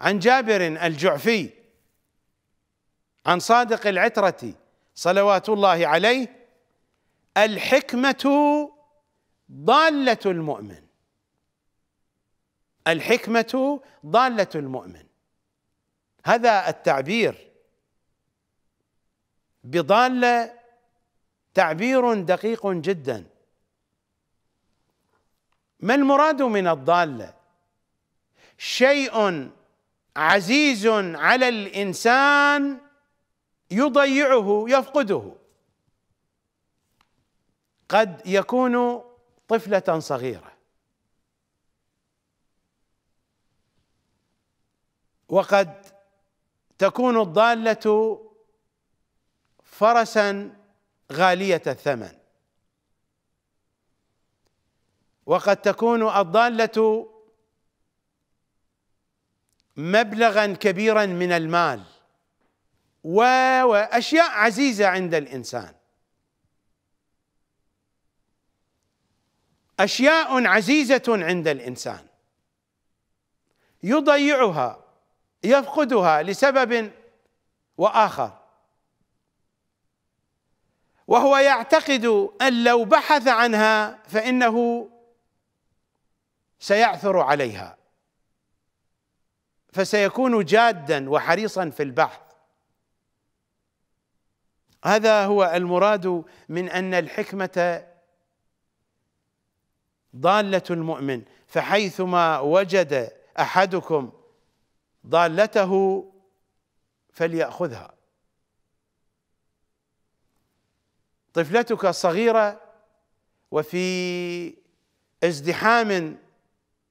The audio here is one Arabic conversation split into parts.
عن جابر الجعفي عن صادق العترة صلوات الله عليه الحكمة ضالة المؤمن الحكمة ضالة المؤمن هذا التعبير بضالة تعبير دقيق جدا ما المراد من الضالة شيء عزيز على الانسان يضيعه يفقده قد يكون طفله صغيره وقد تكون الضاله فرسا غاليه الثمن وقد تكون الضاله مبلغا كبيرا من المال واشياء عزيزه عند الانسان اشياء عزيزه عند الانسان يضيعها يفقدها لسبب واخر وهو يعتقد ان لو بحث عنها فانه سيعثر عليها فسيكون جادا وحريصا في البحث هذا هو المراد من ان الحكمه ضاله المؤمن فحيثما وجد احدكم ضالته فليأخذها طفلتك صغيرة وفي ازدحام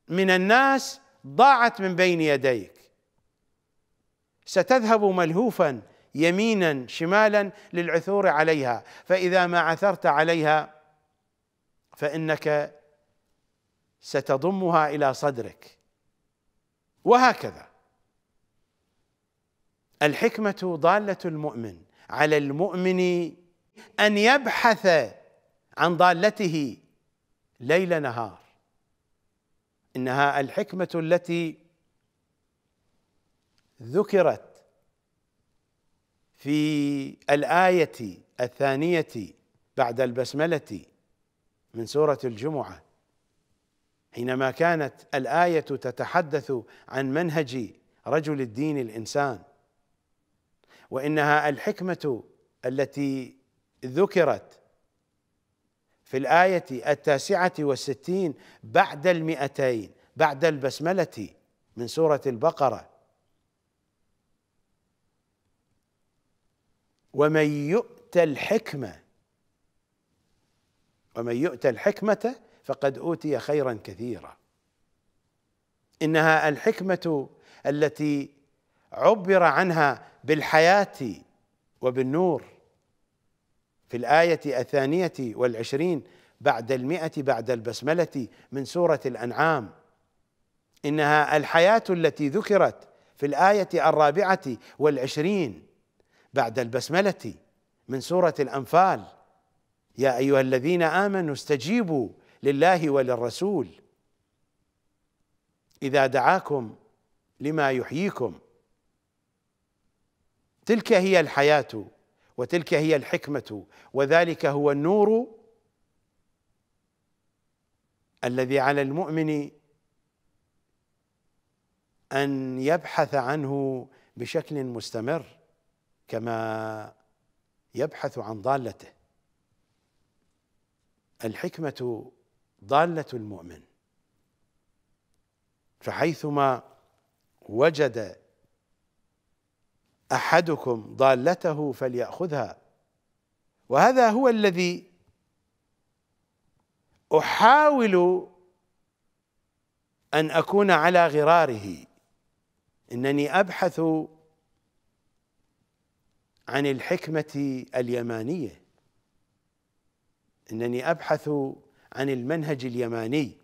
من الناس ضاعت من بين يديك ستذهب ملهوفا يمينا شمالا للعثور عليها فاذا ما عثرت عليها فانك ستضمها الى صدرك وهكذا الحكمه ضاله المؤمن على المؤمن ان يبحث عن ضالته ليل نهار انها الحكمه التي ذكرت في الايه الثانيه بعد البسمله من سوره الجمعه حينما كانت الايه تتحدث عن منهج رجل الدين الانسان وانها الحكمه التي ذكرت في الآية التاسعة والستين بعد المئتين بعد البسملة من سورة البقرة ومن يؤت الحكمة ومن يؤت الحكمة فقد أوتي خيرا كثيرا إنها الحكمة التي عبر عنها بالحياة وبالنور في الآية الثانية والعشرين بعد المئة بعد البسملة من سورة الأنعام إنها الحياة التي ذكرت في الآية الرابعة والعشرين بعد البسملة من سورة الأنفال يا أيها الذين آمنوا استجيبوا لله وللرسول إذا دعاكم لما يحييكم تلك هي الحياه وتلك هي الحكمة وذلك هو النور الذي على المؤمن أن يبحث عنه بشكل مستمر كما يبحث عن ضالته الحكمة ضالة المؤمن فحيثما وجد احدكم ضالته فلياخذها وهذا هو الذي احاول ان اكون على غراره انني ابحث عن الحكمه اليمانيه انني ابحث عن المنهج اليماني